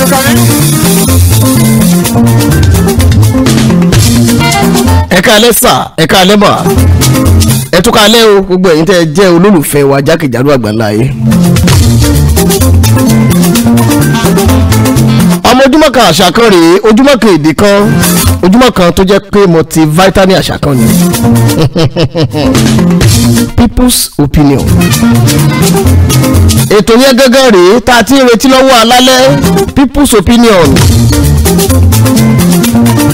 You coming? ẹ káalẹ́ sà ẹ káalẹ́ mà ẹ tún káalẹ́ o gbogbo ẹ̀yin tẹ́ ẹ jẹ́ olólùfẹ́ wa jákèjádò àgbáńlá yìí. ọmọ ojúmọ́ kan àṣà kan rèé ojúmọ́ kan èdè kan ojúmọ́ kan tó jẹ́ pé mo ti vitamin àṣà kan ni people's opinion ètò yẹn gángan rèé tá a ti ń retí lọ́wọ́ alálẹ́ people's opinion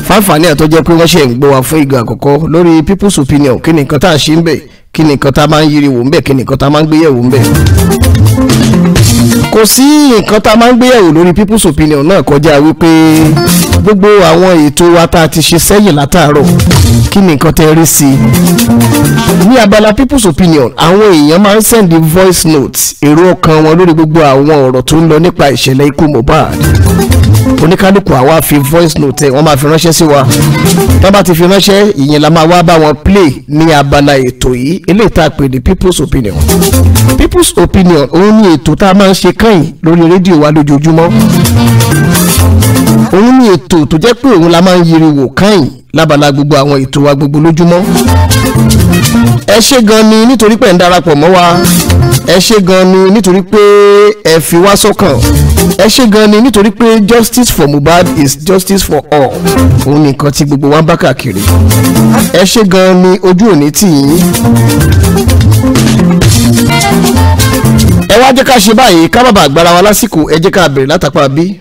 fáfàní àtọ́jọ́ pé wọ́n ṣe ń gbọ́ wa fún ìgbà àkọ́kọ́ lórí people's opinion kí ni nǹkan tá a ṣe ń bẹ̀ kí ni nǹkan tá a máa ń yiri wò ń bẹ̀ kí ni nǹkan tá a máa ń gbéyẹ̀wò ń bẹ̀. kò sí nǹkan tá a máa ń gbéyẹ̀wò lórí people's opinion náà kọjá wípé gbogbo àwọn ètò wa tá a ti ṣe sẹ́yìn látàárọ̀ kí ni tẹ́ rí sí i. ní abala people's opinion àwọn èèyàn máa ń send voice notes èrò ọkàn wọn lórí gbogbo àwọn ọ̀rọ̀ tó ń lọ nípa ìṣẹ̀lẹ̀ ikú Mohbad oníkálukú àwa fi voice note wọ́n máa fi ránṣẹ́ sí wa tó bá ti fi ránṣẹ́ ìyẹn la máa wá bá wọn play ní abala ètò yìí eléyìí tá a pè ní people's opinion people's opinion òun ni ètò tá a máa ń ṣe kẹ́yìn lórí rédíò wa lójoojúmọ́ òun ni ètò tó jẹ́ pé òun la máa ń yiri wò kẹ́yìn lábala gbogbo àwọn ètò wa gbogbo lójúmọ́ ẹ ṣé gan ni nítorí pé ẹ ń darapọ̀ mọ́ wa ẹ ṣé gan ni nítorí pé ẹ fi wá sọ́kàn ẹ ṣé gan ni nítorí pé justice for Mohbad is justice for all òun nìkan tí gbogbo wa ń bá káàkiri ẹ ṣé gan ni ojú òní tì yín. ẹ wá jẹ́ ká ṣe báyìí ká bàbá àgbára wa lásìkò ẹ jẹ́ ká bẹ̀rẹ̀ látàpá bí.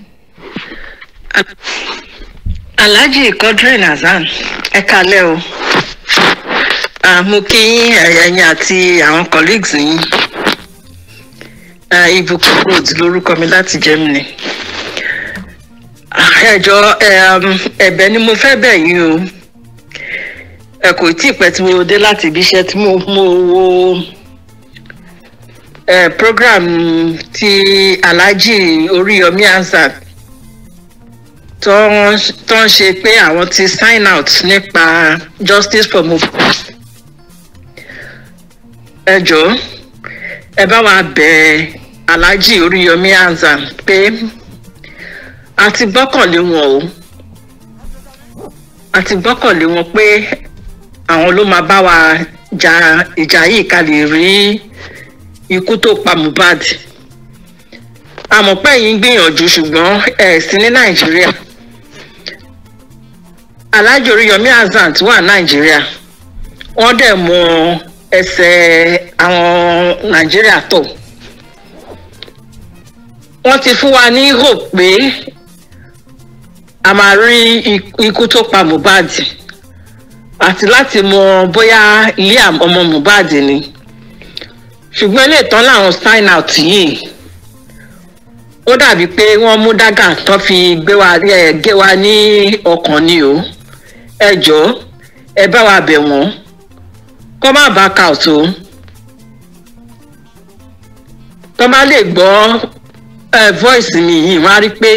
Alhaji Quadri Hasan ẹ kalẹ o mo kí ẹ̀yin àti àwọn colleagues yín ibùkún road lórúkọ mi láti Germany ẹjọ um, ẹ̀bẹ̀ ni mo fẹ́ bẹ̀ yín o ẹ kò tí ì pẹ́ tí mo dé láti ibi iṣẹ́ tí mo wo program ti Alhaji Oríyọmí Ansat tó ń ṣe pé àwọn ti sign out nípa justice for Mohbad ẹ jọ̀ọ́ ẹ bá wa bẹ̀ Alhaji Oríyọmí Hamzat pé a ti gbọ́kànlé wọn o a ti gbọ́kànlé wọn pé àwọn ló máa bá wa ja ìjà yìí ká lè rí ikú tó pa Mohbad àmọ̀pẹ́ yìí ń gbìyànjú ṣùgbọ́n ẹ̀ sí ní Nàìjíríà Alhaji Oríyọmí Hamzat wà Nàìjíríà wọ́n dẹ̀ mọ̀ ọ́ ẹsẹ̀ àwọn nàìjíríà tò wọ́n ti fún wa ní hope pé a máa rí ikú tó pa Mohbad àti láti mọ bóyá Liam ọmọ Mohbad ni ṣùgbọ́n ilé ìtàn làwọn sign out yìí ó dàbí pé wọ́n mú dágà tán fi gbé wa eh, gé wa ní ọkàn ni o ẹ jọ̀ọ́ ẹ bá wa bẹ̀ wọ́n kọ́ má back out o tọ́ má lè gbọ́ voice mi yìí wọ́n á rí pé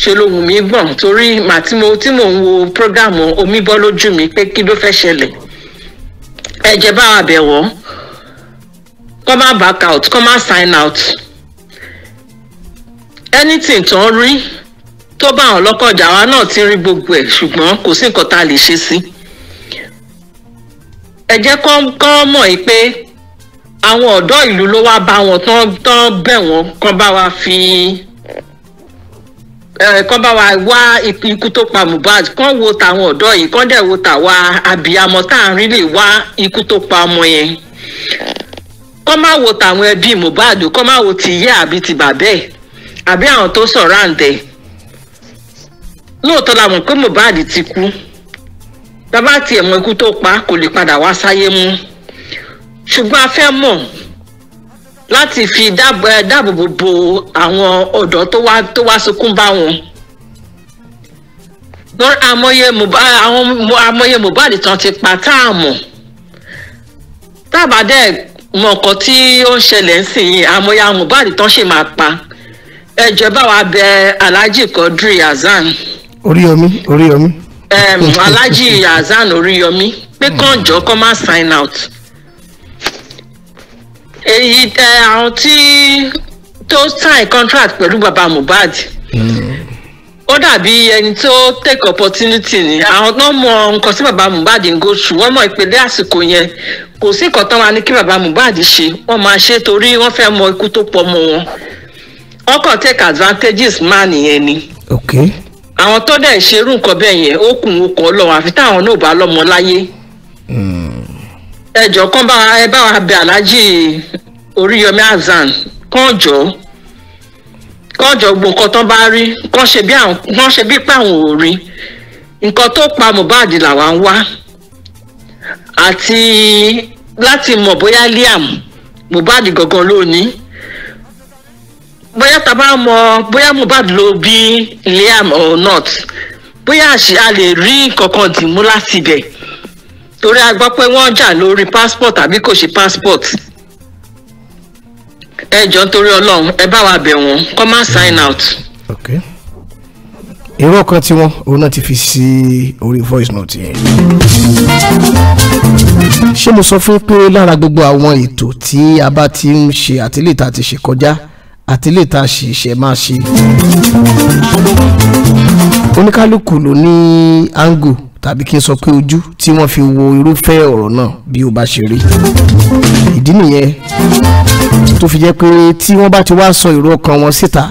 ṣe lohùn mi gbọ̀n torí màá tí mo tí mò ń wo program omi bọ́ lójú mi pé kí ló fẹ́ ṣẹlẹ̀ ẹ jẹ́ bá wa bẹ̀ kọ́ má back out kọ́ má sign out anything tó ń rí tó bá àwọn ọlọ́kọ̀jà wa náà ti rí gbogbo ẹ̀ ṣùgbọ́n kò sí nǹkan tá a lè ṣe sí i ẹ jẹ́ kán mọ̀ yìí pé àwọn ọ̀dọ́ ìlú ló wá bá wọn tán bẹ̀ wọ́n kán bá wa fi kán bá wa wá ikú tó pa Mohbad kán wo tàwọn ọ̀dọ́ yìí kán dẹ̀ wo tàwa àbíyamọ tá à ń rí lè wá ikú tó pa ọmọ yẹn kọ́ má wo tàwọn ẹbí Mohbad kọ́ má wo ti ìyá àbí ti bàbẹ́ àbí àwọn tó sọ̀rọ̀ lóòótọ́ la pé Mohbad ti kú bàbá tiẹ̀ mọ ikú tó pa kò lè padà wá sáyé mú ṣùgbọ́n a fẹ́ mọ̀ láti fi dáàbò eh, bo àwọn ọ̀dọ́ tó wá tó wá sunkún bá wọn àmọye eh, àmọye Mohbad tán ti pa tá a mọ̀ tábàdẹ mọ nǹkan tí ó ń ṣẹlẹ̀ ń sìn yìí àmọye Mohbad tán ṣì máa pa ẹjọ́ bá wa bẹ Alhaji Quadri Hasan. Oríyọmí Oríyọmí. um, alhaji hasan Oriyomi, pé kànjọ kọ́ máa sign out èyí tẹ àwọn tí tó sign contract pẹ̀lú baba mohbad ó dàbí ẹni tó take opportunity ni àwọn tó mọ nǹkan sí baba mohbad ń go through wọ́n mọ̀ ìpele àsìkò yẹn kò sí nǹkan tán wa ní kí baba mohbad ṣe wọ́n máa ṣe torí wọ́n fẹ́ mọ ikú tó pọ̀ mọ́ wọn wọ́n kàn take advantages má nìyẹn ni. okay àwọn tó dẹ̀ ń ṣerú nǹkan bẹ́ẹ̀ yẹn ó kùn ó kọ́ lọ́wọ́ àfi táwọn náà bá lọ́mọ láyé. ẹ jọ kán bá ẹ bá wa bẹ aláàjì oríyọmí azan kán jọ kán jọ gbogbo nǹkan tán bá rí kán ṣe bí àwọn kán ṣe bí pàwọn ò rí nǹkan tó pa Mohbad làwa ń wá àti láti mọ̀ bóyá Liam Mohbad gangan ló bóyá tá bá mọ bóyá Mohbad ló bí Liam or not bóyá a lè rí kankan dìmú láti ibẹ̀ torí a gbọ́ pé wọ́n jà lórí passport àbí kò ṣe passport ẹ jọ nítorí Ọlọ́run ẹ bá wa bẹ̀ wọ́n kọ́ má sign out. Okay irọ́ kan tí wọ́n òun náà ti fi sí orí voice note yẹn. ṣé mo sọ fún pé lára gbogbo àwọn ètò tí a bá ti ń ṣe àtìlẹ́ta ti ṣe kọjá àti lè ta ṣe ṣe máa ṣe oníkálukú ló ní angle tàbí kí n sọ pé ojú tí wọ́n fi wo irúfẹ́ ọ̀rọ̀ náà bí ó bá ṣe rí ìdí nìyẹn tó fi jẹ́ pé tí wọ́n bá ti wá sọ èrò ọkàn wọn síta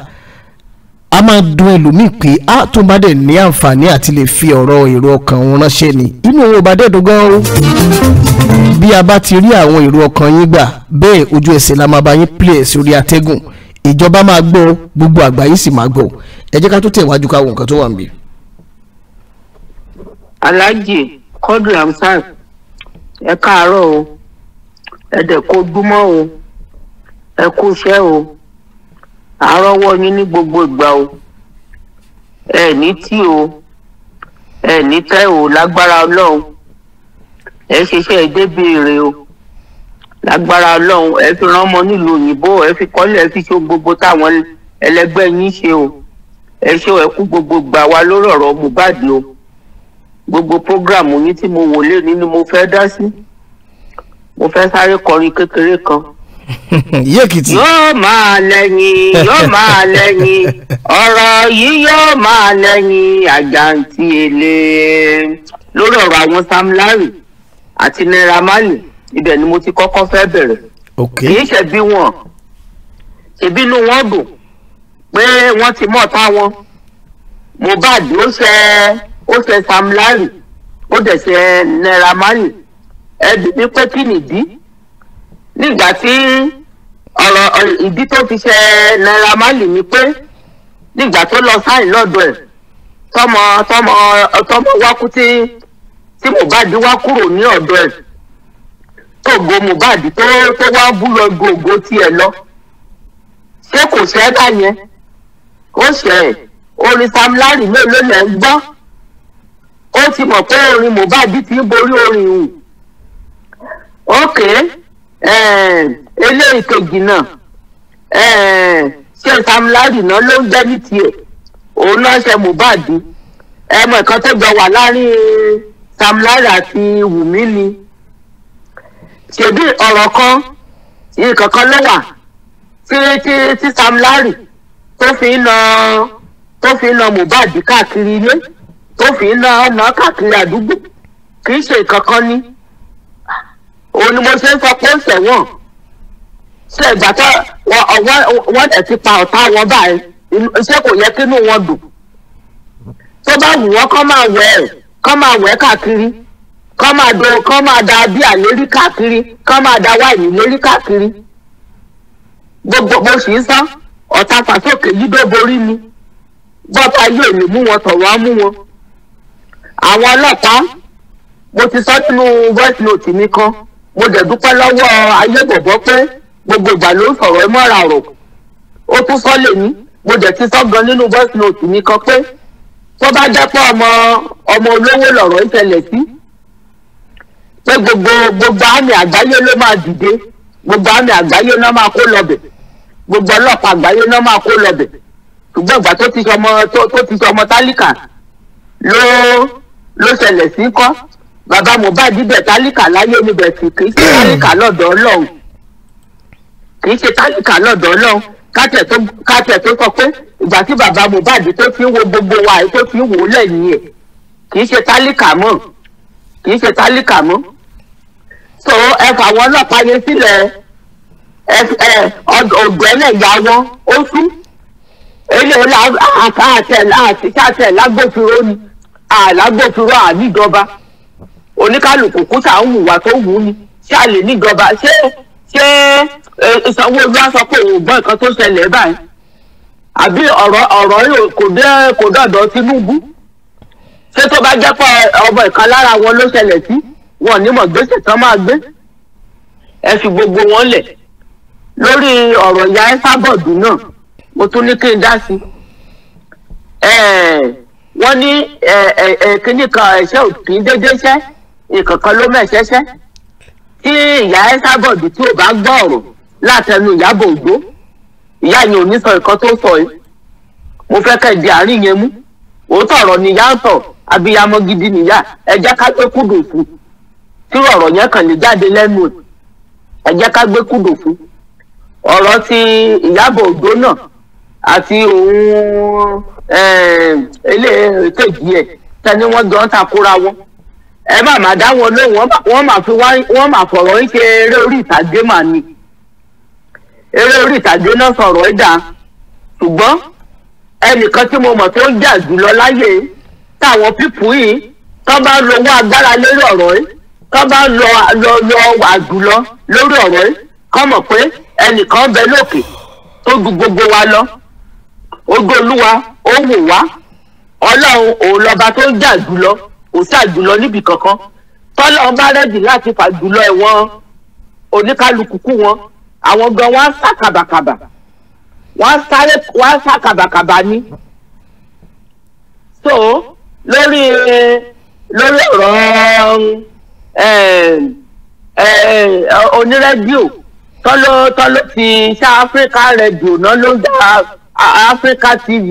a máa dùn ẹlòmíì pé a tó bá dẹ̀ ní àǹfààní àti lè fi ọ̀rọ̀ èrò ọkàn wọn ránṣẹ́ ni inú òun ò bá dẹ̀ dùn gan o bí a bá ti rí àwọn èrò ọkàn yín gbà bẹ́ẹ̀ ojú ẹsẹ̀ la máa bá yín plẹ̀ sórí atẹ́gùn ìjọba máa gbọ́ gbogbo àgbáyé sì máa gbọ́ ẹ jẹ́ ká tó tẹ̀wájú káwọn nǹkan tó wà níbí. aláàjì kọ́dù ramsar ẹ káàárọ̀ o ẹ dẹ̀ kó gbúmọ́ o ẹ kú iṣẹ́ o àárọ̀wọ́ yín ní gbogbo ìgbà o ẹ ní tí o ẹ ní tẹ́ o lágbára ọlọ́run ẹ ṣiṣẹ́ ẹ dé béèrè o lágbára ọlọ́run ẹ fi rán ọmọ nílùú òyìnbó ẹ fi kọ́lé ẹ fi ṣó gbogbo táwọn ẹlẹgbẹ́ yín ṣe o ẹ ṣe ẹ kú gbogbo gbà wá lórí ọ̀rọ̀ Mohbad o gbogbo program yín tí mo wò nínú mo fẹ́ dá sí mo fẹ́ sáré kọrin kékeré kan. yéèkìtì. yóò máa lẹ́yìn yóò máa lẹ́yìn ọ̀rọ̀ yìí yóò máa lẹ́yìn àjàǹtì èlé lórí ọ̀rọ̀ àwọn Sam Larry àti Naira Marley ibẹ̀ ni mo ti kọ́kọ́ fẹ́ bẹ̀rẹ̀ kì í ṣe bí wọn ṣèbí inú wọn dùn pé wọ́n ti mọ̀ táwọn Mohbad ó ṣe ó ṣe Sam Larry ó dẹ̀ ṣe Naira Marley ẹbí mi pé kí nìdí nígbà tí ọ̀rọ̀ ìdí tó fi ṣe Naira Marley ni pé nígbà tó lọ sáyìn lọ́dọ̀ ẹ̀ tọmọ tọmọ tọmọ wákú tí tí Mohbad wá kúrò ní ọ̀dọ̀ ẹ̀ tògo Mohbad tó tó wá bú lọ gògó tiẹ̀ lọ ṣé kò ṣẹ́ báyẹn ó ṣe ẹ̀ orin Sam Larry mélòó lẹ̀ ń gbọ́ ó ti mọ̀ pé orin Mohbad ti ń borí orin hù ok eléyìí kejì náà ṣé Sam Larry náà ló ń jẹ́ ní tiẹ̀ òun náà ṣe Mohbad ẹ mọ̀ tó jọ wà láàrin Sam Larry àti Wùmí ni ṣèbí ọ̀rọ̀ kan nǹkan kan lẹ́wà tí tí tí Sam Larry tó fi ń lọ tó fi ń lọ Mohbad káàkiri ilé tó fi ń lọ ọ̀nà káàkiri àdúgbò kì í ṣe nǹkan kan ní òun ni mo ṣe ń fọpọ́ sẹ̀wọ̀n ṣe ìgbà tó wọ́n ẹ̀ ti pa ọ̀tá wọn báyìí ṣé kò yẹ kínú wọn dùn tó bá wù wọ́n kọ́ máa wẹ̀ kọ́ máa wẹ̀ káàkiri kọ́ máa dọ kọ́ máa da bíà lórí káàkiri kọ́ máa da wáìnì lórí káàkiri gbogbo bó ṣì ń sán ọ̀tá fàsókè yìí dó borí ni bọ́tà yóò lè mú wọn tọ̀wọ́ mú wọn. àwọn ọlọ́pàá mo ti sọ nínú voice note mi kan mo dẹ̀ dúpẹ́ lọ́wọ́ ayébọ̀bọ́ pé gbogbo ìgbà ló ń sọ̀rọ̀ ẹ mọ́ra rò ó tún sọ lèmi mo dẹ̀ ti sọ gan nínú voice note mi kan pé tó bá jẹ́ pé ọmọ ọmọ olówó lọ̀rọ̀ ń tẹ̀lẹ̀ sí. Si pé gbogbo gbogbo àmì àgbáyé ló máa dìde gbogbo àmì àgbáyé náà máa kó lọbẹ̀ gbogbo ọlọ́pàá àgbáyé náà máa kó lọbẹ̀ ṣùgbọ́n ìgbà tó ti sọmọ tó tó ti sọmọ tálíkà ló ló ṣẹlẹ̀ sí kọ́ bàbá Mohbad bẹ̀ tálíkà láyé níbẹ̀ sí kì í ṣe tálíkà lọ́dọ̀ Ọlọ́run kì í ṣe tálíkà lọ́dọ̀ Ọlọ́run kátẹ̀ tó kátẹ̀ tó sọ pé ìgbà tí bàbá Mohbad tó fi ń wo gbogbo wa tó fi ń wò ó lẹ́yìn ẹ̀ kì í ṣe tálíkà mọ́ kì í ṣe tálíkà mọ́ tó ẹ fàwọn ọlọ́pàá yẹn sílẹ̀ ẹ ẹ ọ̀gbẹ́lẹ̀ yàwọ́ ó sú eléyìí àtàtẹ̀ àti tàtẹ̀ lágbófinró ni àlágbófinró àníjọba oníkálukú kúta ń hùwà tó wù ú ni ṣé a lè níjọba ṣé ṣé Sanwó-Olú á sọ pé òun gbọ́ nǹkan tó ṣẹlẹ̀ báyìí àbí ọ̀rọ̀ ọ̀rọ̀ yìí kò dé kò dọ̀dọ̀ Tinubu ṣé tó bá jẹ́ pé ọmọ ìkan lára wọn ló ṣẹlẹ̀ sí. Si? wọn ní mọ̀ gbèsè tán máa gbé ẹ fi gbogbo wọn lẹ̀ lórí ọ̀rọ̀ ìyá ẹ̀fábọ̀dù náà mo tún ní kí n dá sí wọ́n ní kíní kan ẹ̀ṣẹ́ òkè déédéé ṣẹ́ ìkọ̀kan ló mẹ́ṣẹ́ṣẹ́ tí ìyá ẹ̀fábọ̀dù tí ò bá gbọ́ ọ̀rọ̀ látẹnu Ìyábọ̀ Òjó ìyá yẹn ò ní sọ nǹkan tó sọ yìí mo fẹ́ kẹ́ di àárín yẹn mú òótọ́ ọ̀rọ̀ nìyá ń sọ abiyamọ gidi nìyá ẹ jẹ́ ká pé kúdùn fún un tí ọ̀rọ̀ yẹn kàn lè jáde lẹ́nu ẹ̀ jẹ́ ká gbé kúdò fún ọ̀rọ̀ ti Ìyábọ̀ Òjó náà àti òun eléèkejì ẹ̀ tẹni wọ́n jọ ń takora wọn ẹ bá má dá wọn lóhùn wọ́n má fi wọ́n má fọ̀rọ̀ ń ṣe eré orí ìtàgé mà ni eré orí ìtàgé náà sọ̀rọ̀ ìdá ṣùgbọ́n ẹnìkan tí mo mọ̀ tó ń jà jùlọ láyé táwọn pípù yìí tó bá ń lowó agbára lórí ọ̀rọ̀ yìí tó bá lọ lọ lọ wà jùlọ lórí ọ̀rọ̀ yìí kọ́ mọ̀ pé ẹnìkan bẹ lókè tó ju gbogbo wa lọ ogo olúwa ó wò wá ọlọ́run òun lọ́ba tó ń jà jùlọ kò sá jùlọ níbì kankan tọ́lọ́run bá rẹ́dì láti fà jùlọ ẹ̀wọ̀n oníkálukú kú wọn àwọn gan wọn á sá kàbàkàbà wọn á sáré wọn á sá kàbàkàbà ni so lórí lórí ọ̀rọ̀ ọ̀hún. Eh, eh, eh, onírẹ́díò tọ́lọ́ tọ́lọ́ ti ṣá áfíríkà rẹ́díò náà ló ń dá áfíríkà tv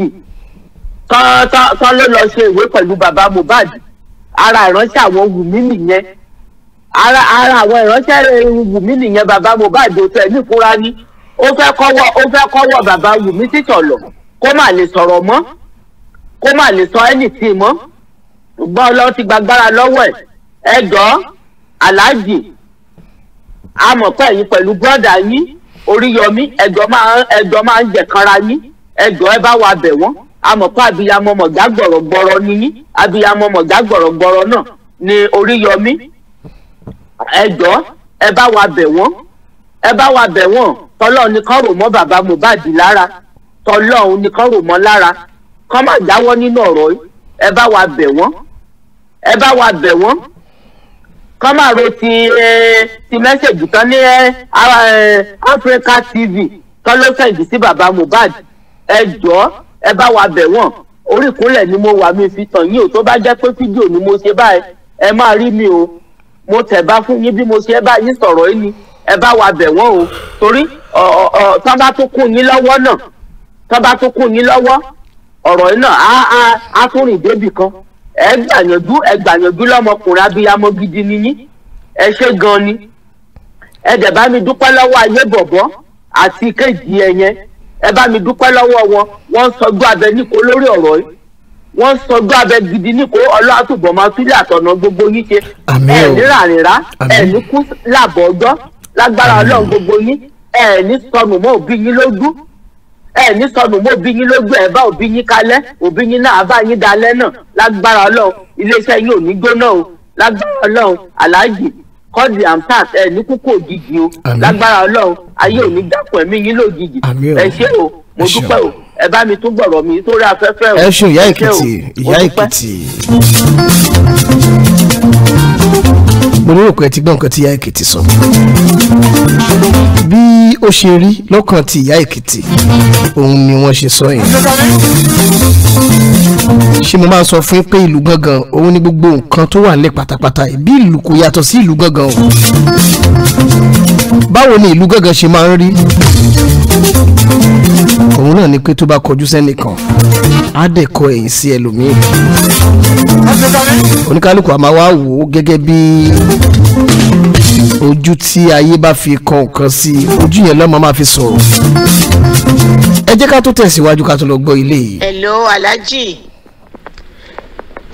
tọ́lọ́ lọ ṣe ìwé pẹ̀lú bàbá Mohbad ara ìránṣẹ́ àwọn Wùmí nìyẹn ara ara àwọn ìránṣẹ́ Wùmí nìyẹn bàbá Mohbad ó tẹ̀ nífura ní ó fẹ́ kọ́wọ́ ó fẹ́ kọ́wọ́ bàbá Wùmí títọ̀lọ̀ kó má lè sọ̀rọ̀ mọ́ kó má lè sọ anything mọ́ ṣùgbọ́n ọlọ́run ti gbàgbára lọ́wọ́ ẹ̀ ẹ jọ̀ọ́ aláàjì amọ̀pẹ́ yìí pẹ̀lú bọ́dà yín oríyọmí ẹ̀jọ̀ máa ẹ̀jọ̀ máa ń jẹ̀kanra yín ẹ̀jọ̀ ẹ bá wa bẹ̀ wọ́n amọ̀pẹ́ abiyamọ mọ̀gá gbọ̀rọ̀gbọ̀rọ̀ ni yín abiyamọ mọ̀gá gbọ̀rọ̀gbọ̀rọ̀ náà ni oríyọmí ẹ̀jọ̀ ẹ bá wa bẹ̀ wọ́n ẹ bá wa bẹ̀ wọ́n tọ́lọ́ ni kán rò mọ́ bàbá Mohbad lára tọ́lọ́ ni kán rò mọ́ lára kán má jáwọ́ nínú ọ̀rọ̀ yìí ẹ bá wa bẹ̀ wọ́n ẹ bá wa bẹ̀ wọ́n kọ́ máa ro ti ti mẹ́sẹ̀gì kan ní Africa TV kan ló sẹ̀ǹdì sí bàbá Mohbad ẹ jọ̀ọ́ ẹ bá wa bẹ̀ wọ́n orí ìkúnlẹ̀ ni mo wà mí fi tàn yín o tó bá jẹ́ pé fídíò ni mo ṣe báyìí ẹ máa rí mi o mo tẹ̀ bá fún yín bí mo ṣe bá yín sọ̀rọ̀ yín ni ẹ bá wa bẹ̀ wọ́n o torí tán bá tún kún yín lọ́wọ́ náà tán bá tún kún yín lọ́wọ́ ọ̀rọ̀ yìí náà á á á tún rìn débì kan ẹ gbàyànjú ẹ gbàyànjú lọ́mọkùnrin abiyamọ gidi nìyí ẹ ṣe gan ni ẹ dẹ̀ bá mi dúpẹ́ lọ́wọ́ ayé bọ̀bọ́ àti kejì ẹ ẹ bá mi dúpẹ́ lọ́wọ́ wọn wọ́n ń abẹ níko lórí ọ̀rọ̀ yìí wọ́n ń abẹ gidi níko ọlọ́àtúbọ̀ máa túlẹ̀ àtọ̀nà gbogbo yín ṣe ẹ ní ràrìnrà ẹ ní kú làbọ̀ ọjọ́ lágbára ọlọ́run gbogbo yín ẹ ní sọnù mọ́ òbí yín lójú ẹ ní sọnù mọ́ òbí yín lójú ẹ bá òbí yín kalẹ̀ òbí yín náà bá yín dalẹ̀ náà lágbára Ọlọ́run iléeṣẹ́ yín ò ní gbóná o lágbára Ọlọ́run aláàjì kọ́ọ̀dì amsat ẹ kúkú òjijì o lágbára Ọlọ́run ayé ò ní dàpọ̀ ẹ̀mí yín lójijì ẹ ṣé o mo dúpẹ́ o ẹ bá mi tún gbọ̀rọ̀ mi sórí afẹ́fẹ́ o ẹ ṣé ìyá Èkìtì ìyá Èkìtì mo lérò pé ẹ ti gbọ́ nǹkan tí ìyá èkìtì sọ. bí ó ṣe rí lọ́kàn ti ìyá èkìtì òun ni wọ́n ṣe sọ yẹn. ṣé mo máa ń sọ fún pé ìlú gangan òun ni gbogbo nǹkan tó wà nílẹ̀ pátápátá yìí bí ìlú kò yàtọ̀ sí ìlú gangan o. báwo ni ìlú gangan ṣe máa ń rí òun náà ni pé tó bá kọjú sẹ́nìkan á dẹ̀ kọ ẹ̀yìn sí ẹlòmíì oníkálukú a wá wò ó gẹ́gẹ́ bí ojú tí ayé bá fi kọ nǹkan sí ojú yẹn lọ́mọ máa fi sọ̀rọ̀ ẹ jẹ́ ká tó tẹ̀síwájú ká tó lọ gbọ́ ilé yìí. hello alhaji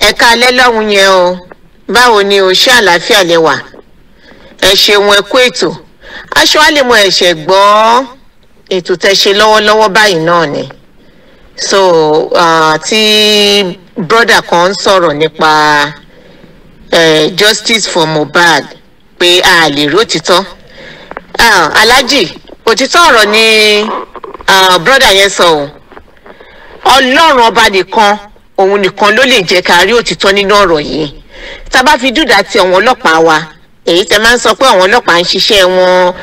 ẹ̀ka alẹ́ lọ́hùn yẹn o báwo ni o ṣé àlàáfíà lẹ wà ẹ ṣeun ẹ ètò aṣọ àlèmọ ẹ̀ṣẹ̀ gbọ́n ètò tẹ́ ṣe lọ́wọ́lọ́wọ́ báyìí náà ni so ti tí broda kan ń sọ̀rọ̀ nípa justice for Mohbad pé a lè rí òtítọ́ uh, òtítọ́ ọ̀rọ̀ ni uh, broda yẹn sọ o Ọlọ́run ọba nìkan òun nìkan ló lè jẹ́ ká rí òtítọ́ nínú ọ̀rọ̀ yìí tá a bá fi dúdà ti àwọn ọlọ́pàá wa èyí tẹ máa ń sọ pé àwọn ọlọ́pàá ń ṣiṣẹ́ wọn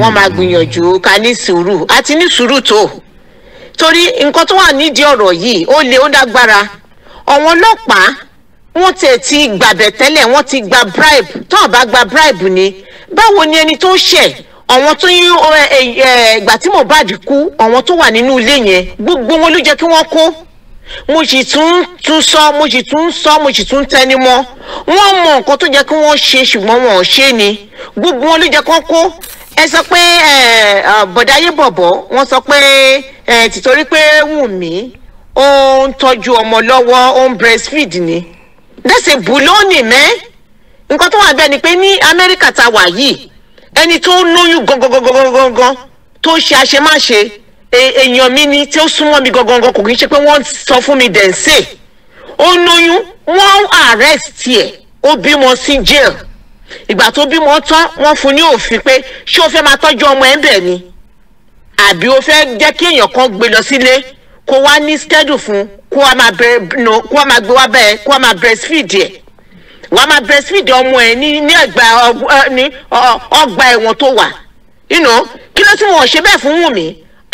wọ́n máa gbìyànjú ká ní sùúrù àti ní sùúrù tó torí nǹkan tó wà nídìí ọ̀rọ̀ yìí ó le ó dágbára àwọn ọlọ́pàá wọ́n tẹ̀ ti gbàbẹ̀ tẹ́lẹ̀ wọ́n ti gba bribe tó àbá gba bribe ni báwo ni ẹni tó ṣẹ̀ àwọn tó yín ìgbà tí Mohbad kú àwọn tó wà nínú ilé yẹn gbogbo wọn ló jẹ́ kí wọ́n kó mo sì tún tún sọ mo sì tún sọ mo sì tún tẹni mọ́ wọ́n mọ nǹkan tó jẹ́ kí wọ́n ṣe ṣùgbọ́n wọn ò ṣe ni gbogbo wọn ló jẹ́ kán kó ẹ sọ pé bọ̀dáyé bọ̀bọ̀ wọ́n sọ pé tìtorí pé Wùnmí ó ń tọ́jú ọmọ lọ́wọ́ ó ń breastfeed ni that's a buloni mẹ́ nǹkan tó wà bẹ́ẹ̀ ni pé ní Amẹ́ríkà tá a wà yìí ẹni tó ń lóyún gangan gangan gangan tó ṣe àṣemáṣe E, èèyàn mi ni tí ó súnmọ́ mi gangan kò kì í ṣe pé wọ́n sọ fún mi dẹ̀nsẹ̀ ó lóyún wọ́n arrest ẹ̀ ó bímọ sí jail ìgbà tó bímọ tán wọ́n fún ní òfin pé ṣé o fẹ́ máa tọ́jú ọmọ ẹ̀ ń bẹ̀ ni àbí o fẹ́ jẹ́ kí èèyàn kan gbé lọ sílé kó wá ní schedule fún kó wá máa bẹ̀rẹ̀ no kó wá máa gbé wá bẹ́ẹ̀ kó wá máa breastfeed ẹ̀ wá máa breastfeed ọmọ ẹ̀ ní ní ẹ̀gbà ọgbà ẹ̀wọ̀n tó wà kí ló tún wọ́n ṣe bẹ́ẹ̀ fún Wùnmí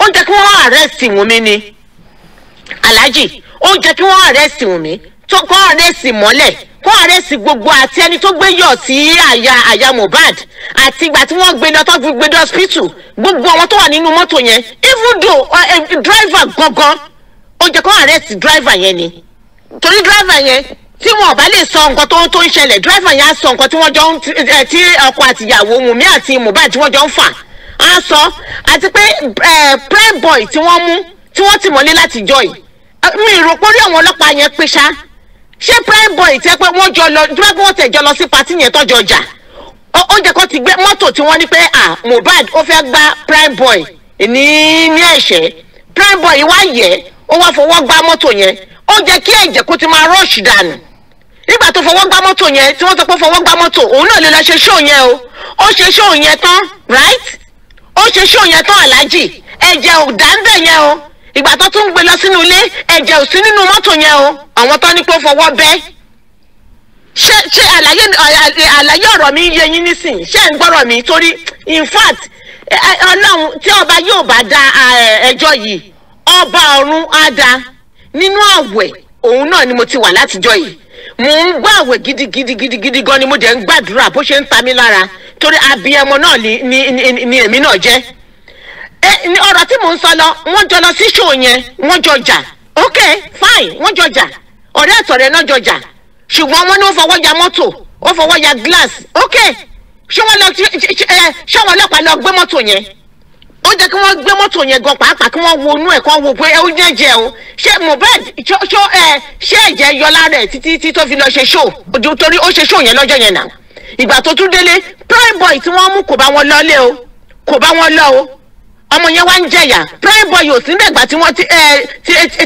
ó jẹ́ kí wọ́n àrẹ́sì Wùnmí ni Alhaji ó jẹ́ kí wọ́n àrẹ́sì Wùnmí tó kọ́ àrẹ́sì mọ́lẹ̀ kọ́ àrẹ́sì gbogbo àti ẹni tó gbé yọ̀ sí àyà àyà Mohbad àti ìgbà tí wọ́n gbé lọ tó fi gbé lọ hospital gbogbo àwọn tó wà nínú mọ́tò yẹn even though eh, eh, driver gangan ó jẹ́ kọ́ àrẹ́sì driver yẹn ni torí driver yẹn tí wọn bá lè sọ nǹkan tó tó ń ṣẹlẹ̀ driver yẹn á sọ nǹkan tí wọ́n jọ ń eh, tí ọkọ àtìyàwó Wùnmí àti Mohbad tí wọ́n jọ ń fà á sọ àti pé prime boy tí wọ́n mú tí wọ́n ti mọ̀lé láti jọ yìí mi rò pé orí àwọn ọlọ́pàá yẹn pé ṣá ṣé prime boy tẹ́ pé wọ́n jọ lọ dúró pé wọ́n tẹ̀ jọ lọ sí patí yẹn tọ́jọ ọjà oúnjẹ kan ti gbé mọ́tò tí wọ́n ní pé ah Mohbad ó fẹ́ gba prime boy ní ní ẹ̀ṣẹ́ prime boy wá yẹ ó wá fọwọ́ gbá mọ́tò yẹn ó jẹ́ kí ẹ̀jẹ̀ kó ti máa rush dànù nígbà tó fọwọ́ gbá mọ́tò yẹn tí wọ́n sọ pé fọwọ́ gbá mọ́tò òun náà lè lọ ṣe ṣóò yẹn o ó ṣe ṣóò yẹn tán right ó ṣe ṣó yẹn tán aláàjì ẹ̀jẹ̀ ò dá ń bẹ̀ yẹn o ìgbà tó tún ń gbé lọ sínú ilé ẹ̀jẹ̀ ò sí nínú mọ́tò yẹn o àwọn tó ní pé ó fọwọ́ bẹ́ ṣé ṣé àlàyé àlàyé ọ̀rọ̀ mi yé yín nísìn ṣé ń gbọ́rọ̀ mi torí in fact ọlọ́run tí ọba yóò bá da ẹjọ́ yìí ọba ọ̀run á da nínú àwẹ̀ òun náà ni mo ti wà látijọ́ yìí mò ń gbọ́ àwẹ̀ gidigidi gan ni mo dẹ̀ ń gbàdúrà bó ṣe ń ta mí lára torí abiyamọ náà ni èmi náà jẹ́ ọ̀rọ̀ tí mò ń sọ lọ wọ́n jọ lọ sí ṣòó yẹn wọ́n jọ jà ok fine wọ́n jọ jà ọ̀rẹ́ àtọ̀rẹ́ náà jọ jà ṣùgbọ́n wọ́n ní wọ́n fọwọ́ ya mọ́tò wọ́n fọwọ́ ya glass ok ṣé wọ́n lọ ṣé wọ́n ọlọ́pàá lọ gbé mọ́tò yẹn ó jẹ́ kí wọ́n gbé mọ́tò yẹn gan pàápàá kí wọ́n wo inú ẹ̀ kó wo pé ó ń jẹ́jẹ́ o ṣé Mohbad ṣó ẹ ṣé ẹ̀jẹ̀ yọ lára ẹ̀ títí tó fi lọ ṣe ṣó torí ó ṣe ṣó yẹn lọ́jọ́ yẹn náà ìgbà tó tún délé prime boy tí wọ́n mú kò bá wọn lọ́lé o kò bá wọn lọ o ọmọ yẹn wá ń jẹyà prime boy ò sí nígbà tí wọ́n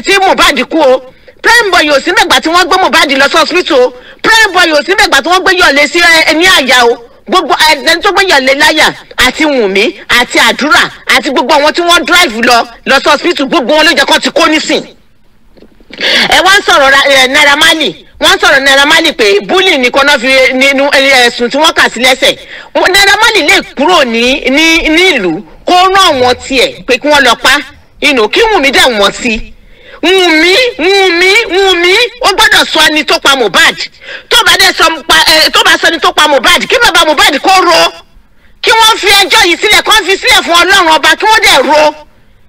ti Mohbad kú o prime boy ò sí nígbà tí wọ́n gbé Mohbad lọ sí hospital o prime boy ò sí nígbà tí wọ́n gbé Yọ̀lé sí ẹni àyà o gbogbo ẹni tó gbé Yọ̀lé láyà àti Wùnmí àti àdúrà àti gbogbo àwọn tí wọ́n drive lọ lọ sí hospital gbogbo wọn ló jẹ́ kó ti kó nísìn ẹ wá ń sọ̀rọ̀ naira marley wọ́n ń sọ̀rọ̀ naira marley pé bullying nìkan náà fi nínú ẹ̀sùn tí wọ́n kà sí lẹ́sẹ̀ naira marley lè kúrò ní ní nílùú kó rán wọn tiẹ̀ pé kí wọ́n lọ pa inú kí wùmí dẹ̀ wọ́n sí wùmí wùmí wùmí ó gbọ́dọ̀ sọ ẹni tó pa mohbad tó bá dẹ̀ sọ pa ẹ tó bá sọ ẹni tó pa mohbad kí bàbá mohbad kó ro kí wọ́n fi ẹjọ́ yìí sílẹ̀ kó fi sílẹ̀ fún ọlọ́run ọba kí wọ́n dẹ̀ ro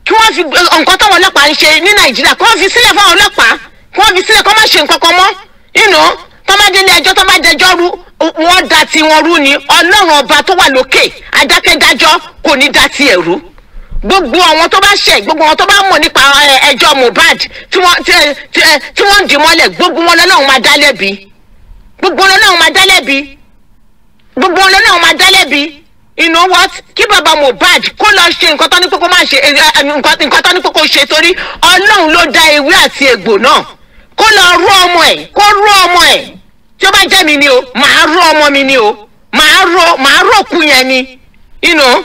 kí wọ́n fi nǹkan táwọn ọlọ́pàá ń ṣe ní nàìjíríà kí wọ́n fi sílẹ̀ fáwọn ọlọ́pàá kí wọ́n fi sílẹ̀ kí wọ́n má ṣe nǹkan kan mọ́ nínú tọ́mọdé ní ẹjọ́ tọ́mọdéjọ́ rú wọ́n da ti wọn rú ni ọlọ́run ọba tó wà lókè adákẹ́dájọ́ kò ní da ti ẹ̀ rú gbogbo àwọn tó bá ṣẹ̀ gbogbo àwọn tó bá mọ̀ nípa ẹjọ́ mohbad tí wọ́n dì mọ́lẹ̀ gbogbo wọn lọ́lọ́run máa dá gbogbo wọn lọ́lọ́run máa dá gbogbo wọn lọ́lọ́run máa dá you know what kí bàbá mohbad kó lọ ṣe nǹkan tó ní pé kó má ṣe eh, eh, nǹkan tó ní pé kó ṣe torí ọlọ́run ló dá ewé àti egbò náà kó lọ rú ọmọ ẹ̀ kó rú ọmọ ẹ̀ tí ó bá jẹ́ mi ni o màá rú ọmọ mi ni o màá rò màá rò kú yẹn ni you know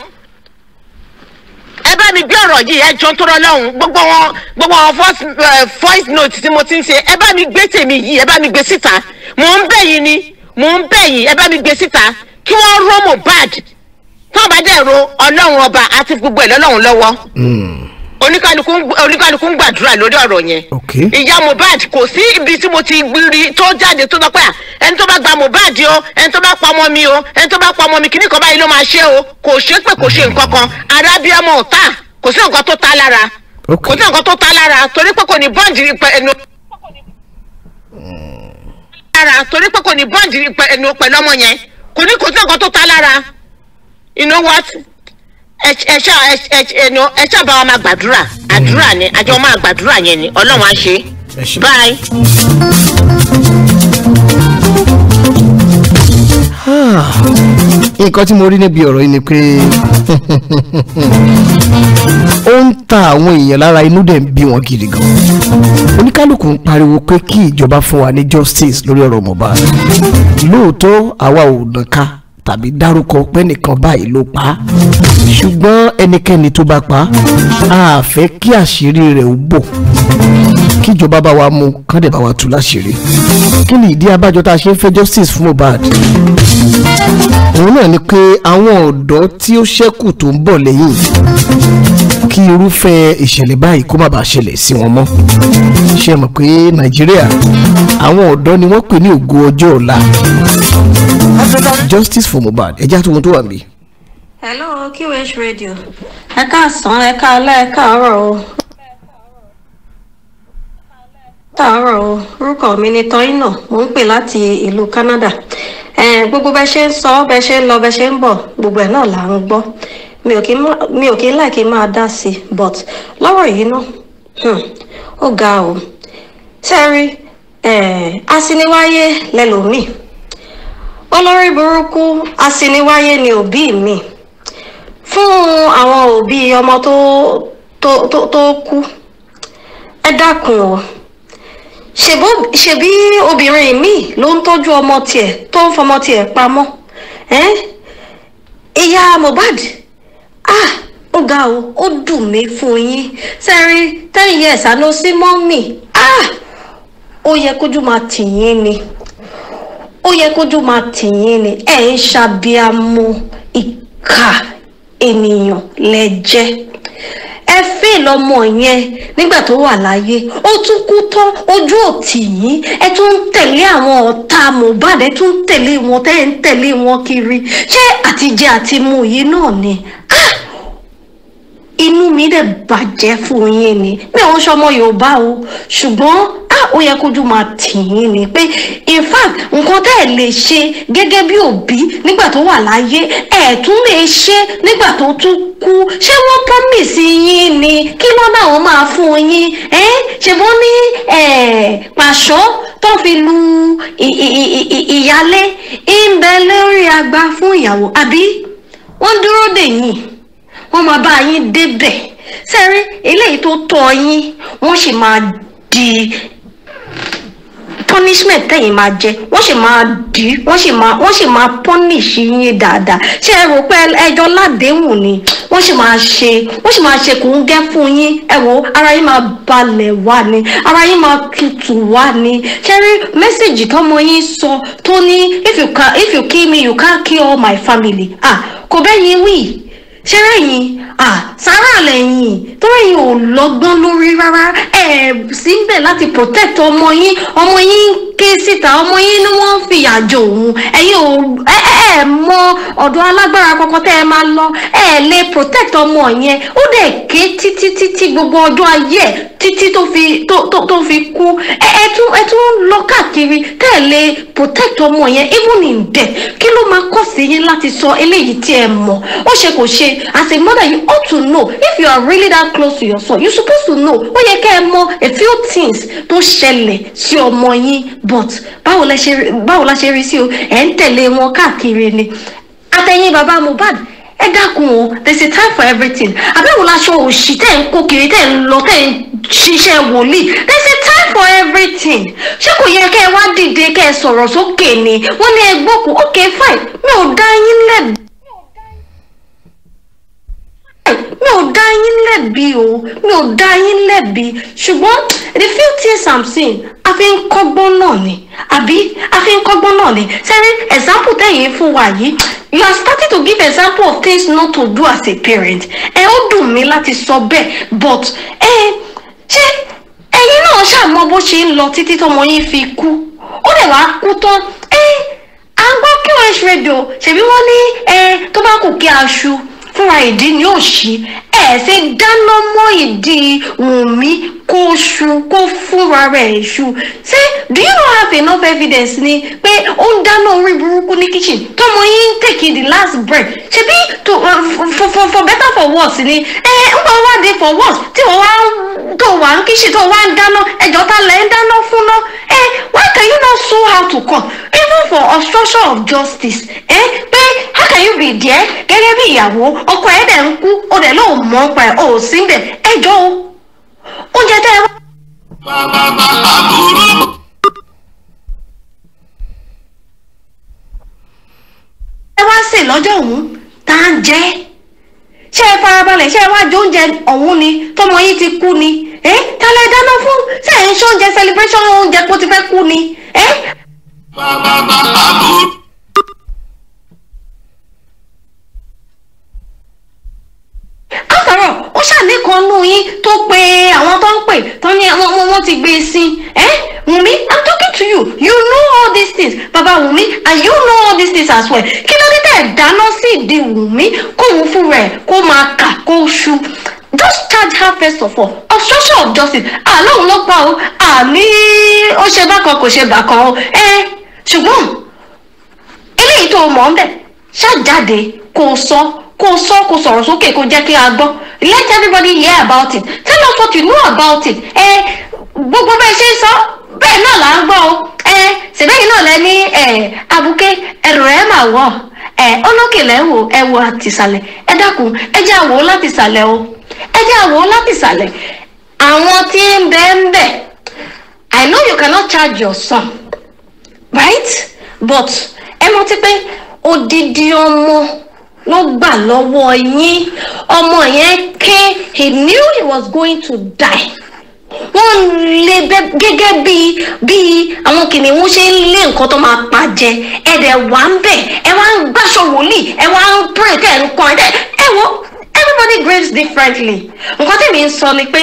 ẹ bá mi gbé ọ̀rọ̀ yìí ẹ jọ tó rọ lọ́hùn gbogbo wọn gbogbo wọn eh, voice note tí mo ti ń ṣe ẹ bá mi gbé tèmi yìí ẹ bá mi gbé síta mò ń bẹ̀ ni mò ń bẹ̀ ẹ bá mi gbé síta kí wọ́n rọ́ mohbad tó bá dẹ̀ ro ọlọ́run ọba àti gbogbo ẹ̀ lọ́lọ́run lọ́wọ́ hmm. oníkálukú ń gbàdúrà lórí ọ̀rọ̀ yẹn ìyá mohbad kò sí ibi tí mo ti gbiri tó jáde tó dọ́pẹ́ à ah, ẹni tó bá gba mohbad o ẹni tó bá pa ọmọ mi o ẹni tó bá pa ọmọ mi kìnnìkan báyìí ló máa ṣe o kò ṣe pé kò ṣe nǹkan kan arábíàmọ̀ ọ̀tá kò sí nǹkan tó ta lára kò sí nǹkan tó ta lára torí pé kò ní bọ́ǹdì hmm. ẹnu pẹ̀lú ọmọ yẹn kò ní kò sí nǹkan tó ta lára you know what ẹ ṣá ẹ ṣá bá wa máa gbàdúrà àdúrà ni àjọ máa gbàdúrà yẹn ni ọlọ́run á ṣe bye. Ah, nǹkan tí mo rí níbi ọ̀rọ̀ yìí ni pé ó ń ta àwọn èèyàn lára inú dẹ̀ ń bí wọn gidi gan oníkálukú ń pariwo pé kí ìjọba fún wa ní justice lórí ọ̀rọ̀ Mohbad lóòótọ́ àwa ò nàka tàbí dárúkọ pẹ́nìkan báyìí ló pa á ṣùgbọ́n ẹnikẹ́ni tó bá pa á a fẹ́ kí àṣírí rẹ̀ ó bò kíjọba bá wa mú kán bá wa tú láṣìírí kí ni ìdí abájọ tá a ṣe ń fẹ́ justice fún Mohbad òun náà ni pé àwọn ọ̀dọ́ tí ó ṣẹ́kù tó ń bọ̀ lẹ́yìn kí irúfẹ́ ìṣẹ̀lẹ̀ báyìí kó má bàa ṣẹlẹ̀ sí wọn mọ́ ṣe mọ̀ pé Nàìjíríà àwọn ọ̀dọ́ ni wọ́n pè ní ògo ọjọ́ ọ̀la justice for Mohbad ẹ̀já tó wọn tó wà mí. hello QH radio ẹ̀ka àsán ẹ̀ka alẹ́ ẹ̀ka ọ̀rọ̀ o káàárọ̀ o orúkọ mi ni tọ́yìnà mò ń pè láti ìlú Canada gbogbo bẹ ṣe ń sọ bẹ ṣe ń lọ bẹ ṣe ń bọ̀ gbogbo ẹ̀ náà là ń gbọ́ mi ò kí ń láì kí máa dá sí i but lọ́rọ̀ yìí náà hmm, ó ga o sẹ́rí asiniwáyé lẹ́lòmíì olórí burúkú asiniwáyé ni òbí mi fún àwọn òbí ọmọ tó tó tó kú ẹ dákun o ṣebí obìnrin míì ló ń tọ́jú ọmọ tiẹ̀ tó ń fọmọ tiẹ̀ pamọ́ ìyá Mohbad ah ó ga o ó dùn mí fún yín sẹ́rí ten years àná sí mọ́mì ah ó yẹ kójú máa tì yín ni ó yẹ kójú máa tì yín ni ẹ̀ ń ṣàbíamọ ìkà ènìyàn lẹ ẹ fẹ́ lọ́mọ yẹn nígbà tó wà láyé ó tún kú tán ojú òtì yín ẹ tún ń tẹ̀lé àwọn ọ̀tá Mohbad ẹ tún ń tẹ̀lé wọn tẹ́ ẹ ń tẹ̀lé wọn kiri ṣé àtijẹ àti mu yìí náà ni ah! inú mi dẹ̀ bàjẹ́ fún yín ni mi ò ń ṣọmọ Yorùbá o ṣùgbọ́n ó yẹ kójú máa tì ni pé in fact nǹkan tẹ́ ẹ̀ lè ṣe gẹ́gẹ́ bí òbí nígbà tó wà láyé ẹ̀ tún lè ṣe nígbà tó tún kú ṣé wọ́n promise yín ni kí ló náà wọ́n máa fún yín ṣe wọ́n ní pàṣọ tó fi lu ìyálé ń bẹ lórí agba fún ìyàwó àbí wọ́n dúró dè yín wọ́n máa bá yín débẹ̀ sẹ́rí eléyìí tó tọ́ yín wọ́n sì máa di punishment tẹ̀yìn máa jẹ wọ́n sì máa dì í wọ́n sì máa wọ́n sì máa punish yín dáadáa ṣé ẹ rò pé ẹjọ́ ládéhùn ni wọ́n sì máa ṣe wọ́n sì máa ṣe kò ń gẹ́ fún yín ẹ wò ara yín máa balẹ̀ wá ni ara yín máa tutù wá ni ṣé rí mẹ́sẹ̀gì tọ́mọ yín sọ tó ní if you can if you kill me you can't kill all my family ah kò bẹ́ẹ̀ ni wí ṣẹ́rẹ́ yìí sára lẹ́yìn tọ́rọ yìí ò lọ́gbọ́n lórí rárá ẹ̀ síbẹ̀ láti protect ọmọ yín ọmọ yín ń ké síta ọmọ yín ni wọ́n ń fìyà jẹ òun ẹ̀yin ò ẹ̀ ẹ̀ mọ ọ̀dọ̀ alágbára kankan tẹ́ ẹ máa lọ ẹ̀ lè protect ọmọ yẹn ó dẹ̀ ké títí títí gbogbo ọjọ́ ayé ẹ̀ títí tó fi tó tó fi kú ẹ̀ ẹ̀ tún ẹ̀ tún lọ káàkiri tẹ́ ẹ̀ lè protect ọmọ yẹn even in death kí ló máa kọ́ sí yín láti sọ eléyìí tí ẹ mọ̀ ó ṣe kò ṣe as a mother you ought to know if you are really that close to your son you supposed to know ó yẹ kẹ́ ẹ mọ a few things tó ṣẹlẹ̀ sí ọmọ yín but báwo la ṣe rí sí o ẹ̀ ń tẹ̀lé wọn káàkiri ni àtẹ̀yìn bàbá Mohbad ẹ dákun o there is a time for everything àbẹ̀wò laṣọ òṣì tẹ̀ ń kó kiri tẹ̀ ń lọ tẹ̀ ń ṣiṣẹ́ wòlíì there is a time for everything ṣé kò yẹ kẹ́ ẹ wá dìde kẹ́ ẹ sọ̀rọ̀ sókè ni wọ́n ní ẹ gbókùn okay fine mi ò dá yín lẹ́bi. mi ò dá yín lẹ́bi o mi ò dá yín lẹ́bi ṣùgbọ́n the few things i'm seeing a fi ń kọ́gbọ́n náà ni àbí a fi ń kọ́gbọ́n náà ni sẹ́rí example tẹ̀yìn fún wa yìí you are starting to give example of things not to do as a parent ẹ ó dùn mí láti sọ bẹ́ẹ̀ but ẹ ṣé ẹ̀yin náà ṣàmọ́ bó ṣe ń lọ títí tọmọ yín fi kú ó lè wá kú tán ẹ à ń gbọ́ QH radio ṣèbí wọ́n ní ẹ tó bá kù kí aṣu fúnra ìdí ní òṣì ẹ̀ ṣe dáná mọ́ ìdí Wùnmí kó ṣu kó fúnra rẹ̀ ṣu ṣé do you not have enough evidence ni pé ó ń dáná orí burúkú ní kitchen tọmọ yín ń take the last breath ṣebí to uh, for, for, for better for worse ni ẹ ń bọ̀ wá dé for worse tí wọ́n wá tó wà ń kitchen tó wá ń dáná ẹjọ́ ta lẹ́ ń dáná fún náà ẹ why can you not show how to come even for obstruction of justice ẹ pé how can you be there gẹ́gẹ́ bí ìyàwó ọkọ ẹ̀ dẹ̀ ń kú ó dẹ̀ lóun mọ̀ ọ́ pa ẹ̀ ò sí bẹ̀ ẹ jọ o oúnjẹ tẹ́ ẹ wá. ẹ wá sè lọ́jọ́ òun tá à jẹ́ ṣé ẹ farabalẹ̀ ṣé ẹ wá jẹ oúnjẹ ọ̀hún ni tọmọ yìí ti kú ni ẹ tálẹ̀ dáná fún ṣé ẹ ń ṣoúnjẹ celebration oúnjẹ kó ti fẹ́ kú ni ẹ. láàárọ̀ ó ṣàlékan nù yín tó pe àwọn tó ń pè tó ní àwọn wọn ti gbé e sí ẹ Wùnmí i'm talking to you you know all these things baba Wùnmí and you know all these things as well kí ló dé tẹ̀ dáná sí ìdí Wùnmí kóun fún rẹ̀ kó máa kà kó ṣu just charge her first of all obstruction of justice àlóhùn ló pa o àmì ó ṣe bákan kò ṣe bákan o ẹ ṣùgbọ́n eléyìí tó mọ̀ ń bẹ̀ ṣáà jáde kó sọ kó sọ kó sọ̀rọ̀ sókè kó jẹ́ kí a gbọ́ let everybody hear about it tell us what you know about it ẹ gbogbo bẹ́ẹ̀ ṣe ń sọ bẹ́ẹ̀ náà là ń gbọ́ o ẹ ṣèbẹ́yìn náà lẹ ní ẹ abuké ẹrù ẹ mà wọ̀ ẹ olókèlè ń wò ẹ wò àtìsàlẹ̀ ẹ dákun ẹ jẹ́ àwò látìsàlẹ̀ o ẹ jẹ́ àwò látìsàlẹ̀ àwọn tí ń bẹ ń bẹ I know you cannot charge your son right but ẹ mọ̀ ti pé odidi ọmọ. No balo lọ́wọ́ yín ọmọ yẹn ké he knew he was going to die wọ́n lé gẹ́gẹ́ bí bí àwọn kìnìún ṣe ń lé nǹkan tó máa pa jẹ ẹ dẹ̀ wá ń ẹ wá ń gbàṣọ wòlíì ẹ wá pray tẹ̀ ń kọ́ ẹ wo everybody grieves differently nǹkan tí mi ń sọ ni pé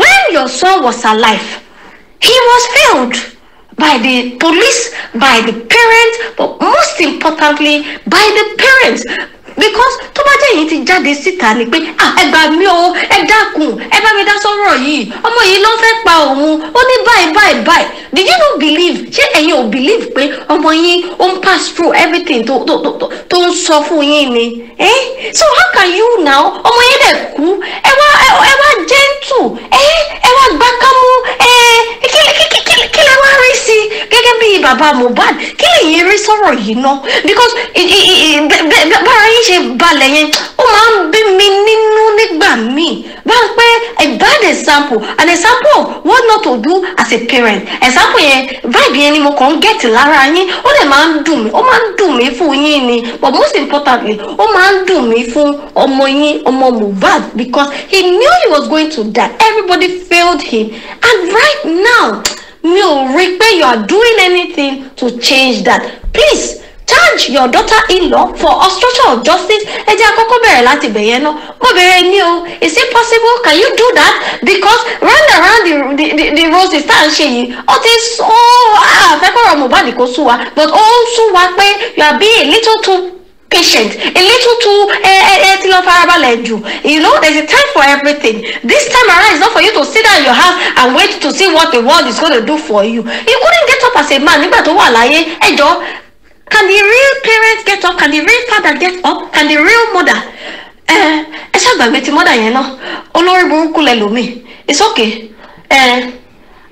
when your son was alive he was failed. by the police, by the parents, but most importantly by the parents because tó bá jẹ́ yìí ti jáde síta ni pé ah ẹ gbà o ẹ dákun ẹ bá mi dá sọ́rọ̀ yìí ọmọ yìí ló fẹ́ pa òun ó ní báyìí báyìí báyìí did you no believe ṣé ẹ̀yin ò believe pé ọmọ yín ó ń pass through everything tó tó tó tó ń sọ fún yín ni eh so how can you now ọmọ yín dẹ̀ kú ẹ wá ẹ wá gentle ẹ eh? ẹ wá gbákámú ẹ eh? kí kí kí kí lè wá rí sí gẹ́gẹ́ bí bàbá Mohbad kí lè you rí sọ̀rọ̀ yìí ná because bára yín ṣe balẹ̀ yẹn ó máa ń mi nínú nígbà míì bá pẹ́ a bad example an example what not to do as a parent example yẹn vibe yẹn ni mo kàn ń lára yín ó lè máa ń dùn mí ó máa ń dùn mí fún yín ni but most importantly ó máa ń dùn mí fún ọmọ yín ọmọ bad because he knew he was going to die everybody failed him and right now mi ò rí pé you are doing anything to change that please charge your daughter-in-law for obstruction of justice ẹ jẹ́ láti bẹ̀ yẹn mo bẹ̀rẹ̀ ni is it possible can you do that because run around the the the, the roses tá à ń ṣe yìí ó ti sọ àfẹ́kọ̀rọ̀ ah, Mohbad kò sú wa but also what wa you are being a little too patient a little too ẹ ti lọ farabalẹ̀ jù you know there is a time for everything this time around is not for you to sit down in your house and wait to see what the world is gonna do for you you couldn't get up as a man nígbà tó wà láyé ẹjọ́ can the real parents get up can the real father get up can the real mother Eh, ẹ ẹ ṣàgbàgbé ti mother yẹn náà olórí burúkú lẹ lómi it's okay ẹ eh,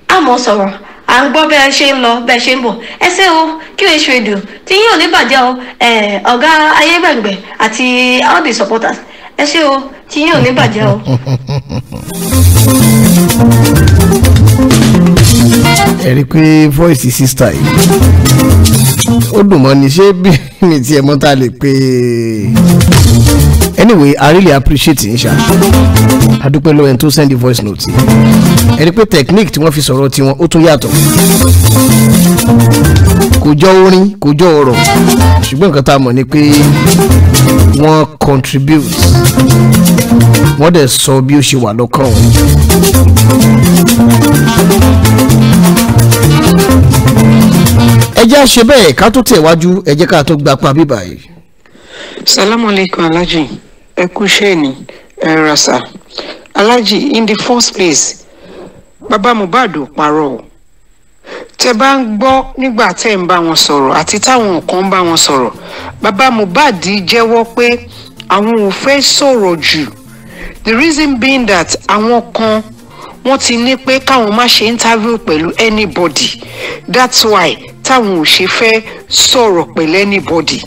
àmọ́ sọ̀rọ̀. à ń gbọ́ bẹ́ẹ̀ ṣe ń lọ bẹ́ẹ̀ ṣe ń bọ̀ ẹsẹ̀ o QH radio tí yín ò ní bàjẹ́ o ọ̀gá ayégbàgbẹ̀ àti all the supporters ẹsẹ̀ o tí yín ò ní bàjẹ́ o. ẹ rí i pé voice sister yìí ó dùn mọ́ ni ṣé bí mi tiẹ̀ mọ́ lè pè é anyway i really appreciate yín ṣá adúpẹ́ lọ́wọ́ ẹni tó send the voice note ẹni pé technique tí wọ́n fi sọ̀rọ̀ tiwọn ó tún yàtọ̀ kò jọ orin kò jọ ọ̀rọ̀ ṣùgbọ́n nǹkan tá a mọ̀ ni pé wọ́n contribute wọ́n dẹ̀ sọ bí ó ṣe wà lọ́kàn wọn. ẹ àṣẹ bẹ́ẹ̀ ká tó tẹ̀wájú ẹ jẹ́ ká tó gbapá bíbáyìí. salamu alaykum alhaji ẹkúṣẹ́ni ẹ̀rọ̀sà aláàjì in the first place baba Mohbad ò parọ́ o tẹ bá ń gbọ́ nígbà tẹ́ ń bá wọn sọ̀rọ̀ àti táwọn kan ń bá wọn sọ̀rọ̀ bàbá the reason being that àwọn kan wọ́n ti ní pé káwọn má ṣe interview pẹ̀lú anybody that's why táwọn ò ṣe fẹ́ sọ̀rọ̀ pẹ̀lú anybody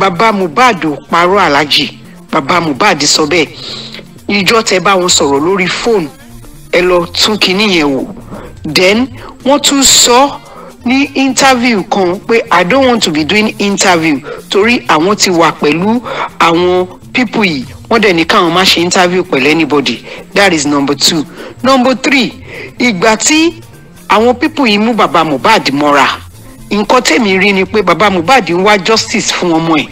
Baba Mohbad ò parọ́ aláàjì bàbá Mohbad sọ bẹ́ẹ̀ ìjọ tẹ bá wọn sọ̀rọ̀ lórí fóònù ẹ lọ tún kinní yẹn wò then wọ́n tún sọ ní interview kan pé I don't want to be doing interview torí àwọn ti wà pẹ̀lú àwọn people yìí wọ́n dẹ̀ ní káwọn má ṣe interview pẹ̀lú anybody that is number two number three ìgbà tí àwọn people yìí mú bàbá Mohbad mọ́ra nǹkan tèmi rí ni pé bàbá Mohbad ń wá justice fún ọmọ ẹ̀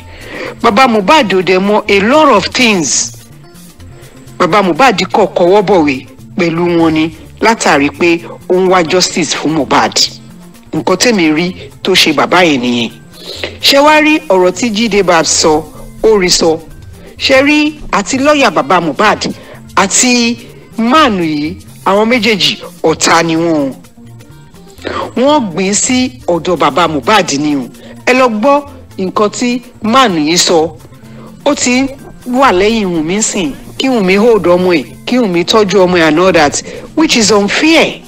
baba Mohbad ò dẹ̀ mọ a lot of things baba Mohbad kọ̀ kọwọ́ bọ̀wé pẹ̀lú wọn ni látàrí pé ó ń wá justice fún Mohbad nǹkan tèmi rí tó ṣe bàbá yẹn nìyẹn ṣé wá rí ọ̀rọ̀ tí Jíde Babs sọ ó rí sọ ṣe rí àti lọ́ọ̀yà baba Mohbad àti máàlù yìí àwọn méjèèjì ọ̀tá ni wọ́n wọ́n gbìn sí ọ̀dọ̀ baba Mohbad ni o ẹ lọ gbọ́ nǹkan tí máàlù yìí sọ ó ti wà lẹ́yìn Wùnmí sìn kí Wùnmí hold ọmọ ẹ̀ kí Wùnmí tọ́jú ọmọ ẹ̀ and all that which is unfair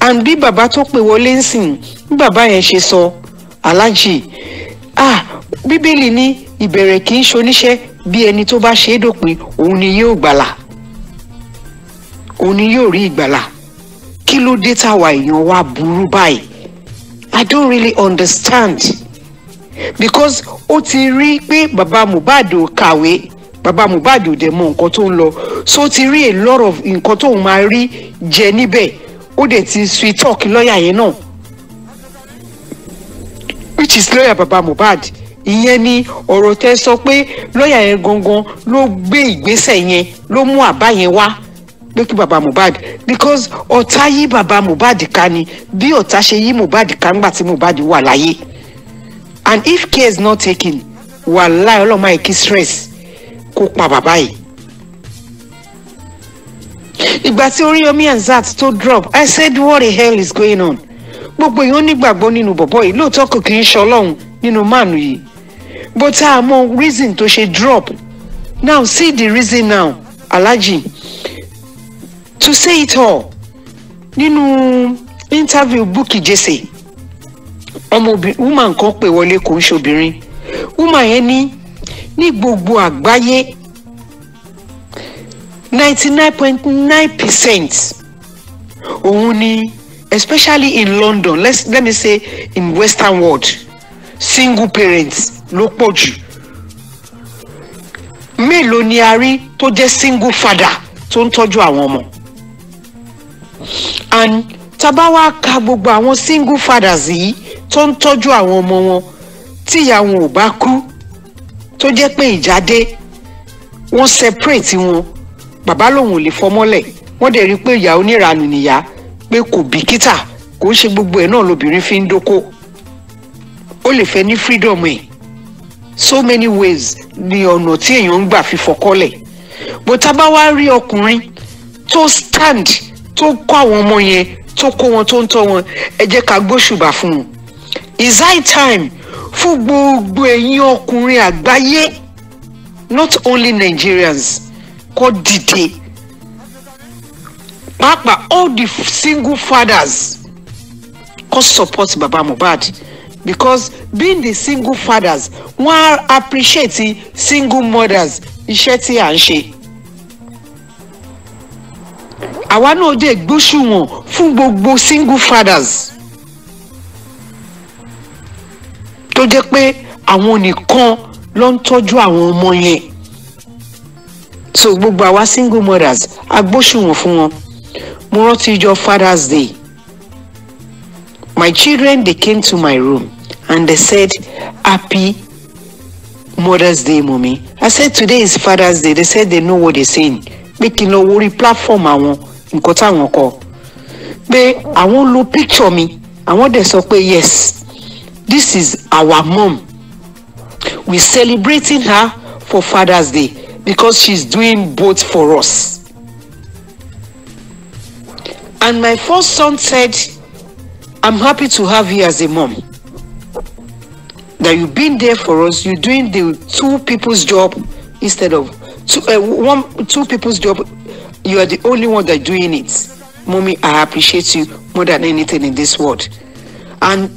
and bí bàbá tó pè wọlé ń sìn bí bàbá yẹn ṣe sọ aláàjì ah bíbélì ní ìbẹ̀rẹ̀ kì í ṣoníṣẹ́ bí ẹni tó bá ṣe é dòpin òun ni yóò gbàlà òun ni yóò rí ìgbàlà kí ló dé táwa èèyàn wa burú báyìí I don't really understand because ó ti rí pé bàbá Mohbad ò kàwé bàbá Mohbad ò dẹ̀ mọ nǹkan tó ń lọ so ó ti rí a lot of nǹkan tó ń máa rí jẹ níbẹ̀ ó dẹ̀ ti sweet talk lọ́ọ̀yà yẹn náà which is lọ́ọ̀yà Baba Mohbad ìyẹn ni ọ̀rọ̀ tẹ́ sọ pé lọ́ọ̀yà yẹn gangan ló gbé ìgbésẹ̀ yẹn ló mú àbá yẹn wá pé kí bàbá Mohbad because ọ̀tá yí bàbá Mohbad ká ni bí ọ̀tá ṣe yí Mohbad ká ńgbà tí Mohbad wà láyé and if care is not taken wàhálà ọlọ́mọ àìkí stress kó pa bàbá yìí. ìgbà tí Oríyọmí Hamzat tó drop I said what the hell is going on gbogbo èèyàn nígbàgbọ́ nínú bọ̀bọ́ yìí lóòótọ́ kò kì í ṣe ọlọ́run nínú mánu yìí bó tá a mọ reason tó ṣe drop now see the reason now Alhaji to say it all nínú interview Bukky Jesse ọmọbìnrin woman kan pè wọlé kò ń ṣobìnrin woman yẹn ní ní gbogbo àgbáyé ninety nine point nine percent òun ni especially in London let's let me say in Western world single parents ló pọ̀ jù mélòó ni a rí tó jẹ́ single father tó ń tọ́jú àwọn ọmọ and tabawa bá wá ka gbogbo àwọn single fathers yìí tó ń tọ́jú àwọn ọmọ wọn tí ìyá wọn ò bá kú tó jẹ́ pé ìjà wọ́n separate wọn bàbá lòun ò lè fọmọ́lẹ̀ wọ́n dẹ̀ rí i pé ìyá oníranù nìyá pé kò bìkítà kò ṣe gbogbo ẹ̀ náà lobìnrin fi ń dóko ó lè fẹ́ ní freedom ẹ̀ so many ways ni ọ̀nà tí èèyàn ń gbà fi fọkọ́lẹ̀ bó tá bá wá rí ọkùnrin tó stand tó kọ́ àwọn ọmọ yẹn tó kó wọn tó ń tọ́ wọn ẹ jẹ́ ká gbóṣùbà fún un Is high time fún gbogbo ẹ̀yin ọkùnrin àgbáyé not only Nigerians kó dìde pàápàá all the single fathers kó support Baba Mohbad because being the single fathers wọ́n á appreciate single mothers iṣẹ́ tí à ń ṣe àwa náà dé gbóṣùwọ̀n fún gbogbo single fathers. tó jẹ́ pé àwọn nìkan ló ń tọ́jú àwọn ọmọ yẹn so gbogbo àwa single mothers agbóṣùwọ̀n fún wọn mo rántí ìjọ father's day my children they came to my room and they said happy mother's day mummy i said today is father's day they said they know what they saying pé kí n lọ wọrí platform àwọn nǹkan táwọn kọ pé àwọn lo picture mi àwọn dẹ̀ sọ pé yes This is our mom. We're celebrating her for Father's Day because she's doing both for us. And my first son said, I'm happy to have you as a mom. That you've been there for us, you're doing the two people's job instead of two, uh, one, two people's job. You are the only one that doing it. Mommy, I appreciate you more than anything in this world. And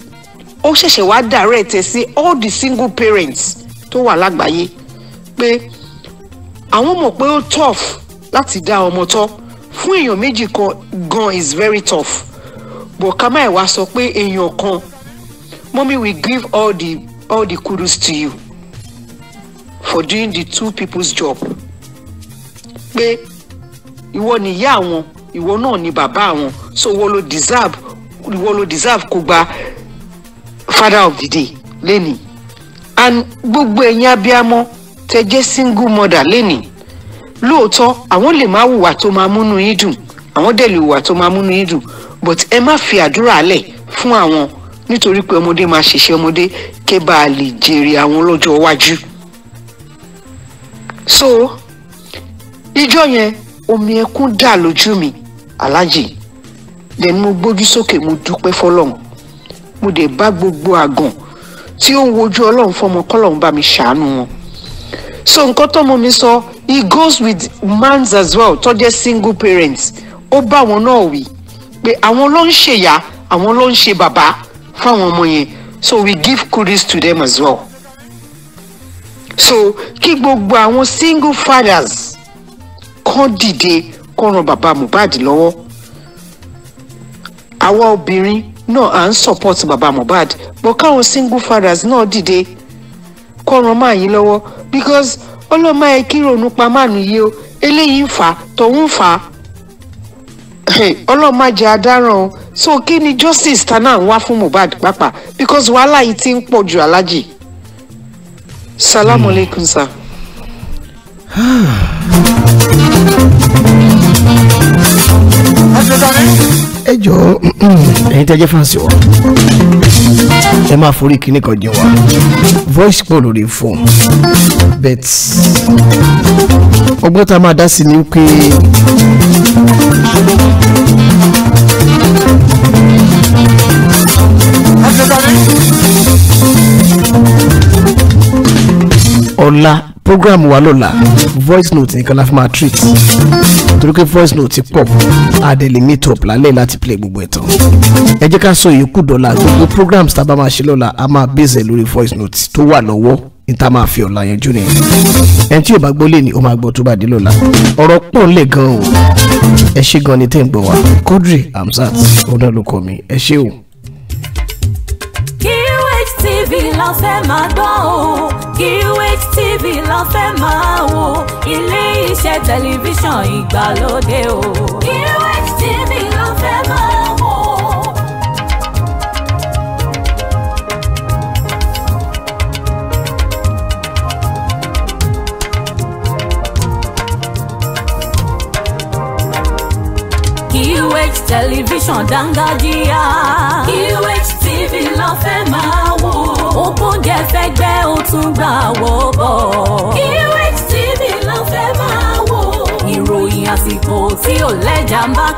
ó ṣẹ̀ṣẹ̀ wá direct ẹ̀ sí all the single parents tó wà lágbàáyé pé àwọn mọ̀ pé ó tough láti dá ọmọ tọ́ fún èèyàn méjì kan gan is very tough but ká má ẹ̀ wá sọ pé èèyàn kan mommy we give all the all the kudos to you for doing the two people's job pé ìwọ ni ìyá àwọn ìwọ náà ni bàbá àwọn so ìwọ ló deserve ìwọ ló deserve kó gba father of the day lẹ́nì and gbogbo ẹ̀yin abiyamọ tẹ jẹ́ single mother lẹ́nì lóòótọ́ àwọn lè má hùwà tó máa múnú yín dùn àwọn dẹ̀ lè hùwà tó máa múnú yín dùn but ẹ má fi àdúrà lẹ̀ fún àwọn nítorí pé ọmọdé máa ṣẹ̀ṣẹ̀ ọmọdé kẹ́ bá a lè jèrè àwọn lọ́jọ́ iwájú. so ijọ́ yẹn omi ẹkún dà lójú mi aláàjì then mo gbójú sókè mo dúpẹ́ fọlọ́run mo dẹ̀ bá gbogbo àgàn tí ó ń wojú ọlọ́run fọmọ kọ́lọ́run bá mi ṣàánú wọn. so nǹkan tọ́mọ mi sọ he goes with mans as well tó jẹ́ single parents ó bá wọn náà wí pé àwọn ló ń ṣèyà àwọn ló ń ṣe bàbá fáwọn ọmọ yẹn so we give kudos to them as well. so kí gbogbo àwọn single fathers kan dìde kó ran bàbá Mohbad lọ́wọ́ àwa obìnrin naa à n support baba Mohbad but káwọn single fathers naa dìde kọrun máa yi lọ́wọ́ because ọlọ́mọ ma kí ronú pa mánu o eléyìí ń fà á tọ̀hún ń fà á o so kí ni justice tana nwa wá fún Mohbad pàápàá because wàhálà ti ń pọ̀ ju salamu hmm. aleykum sir. ẹ jọ mm-hmm. ẹyin tẹ́jẹ́ fàǹsì wa ẹ máa forí kíní kan jẹ wa voice call lórí phone bet ọgbọ́n tá a máa dá sí ni pé program wa lọ́la voice note nìkan la fi máa treat torí pé voice note ti pọ̀ adele meet up lálẹ́ láti play gbogbo ẹ̀tàn ẹ jẹ́ ká sọ ìyókù dọ́là gbogbo programs tá a bá máa ṣe lọ́la a máa bèsè lórí voice note tó wà lọ́wọ́ níta máa fi ọ̀la yanjú ni ẹni tí yóò bá gbọ́ lé ni ó máa gbọ́ tó bá dé lọ́la ọ̀rọ̀ pọ̀ ń lè gan o ẹ ṣé gan ni tẹ́ ń gbọ́ wa Quadri Hamzat ọ̀dọ́ ló kọ́ mi ẹ ṣé o. la máa gbọ́ o QH TV la fẹ́ máa wò ilé iṣẹ́ tẹlifíṣàn ìgbàlódé o. QH TV la fẹ́ máa wò. QH tẹlifíṣàn dángájíá QH TV la fẹ́ máa wò ògbóúnjẹ fẹ́gbẹ́ ó tún gbà wọ́ bọ̀. QH TV ló fẹ́ máa wò. ìròyìn àsìkò tí ò lẹ́jà ń bá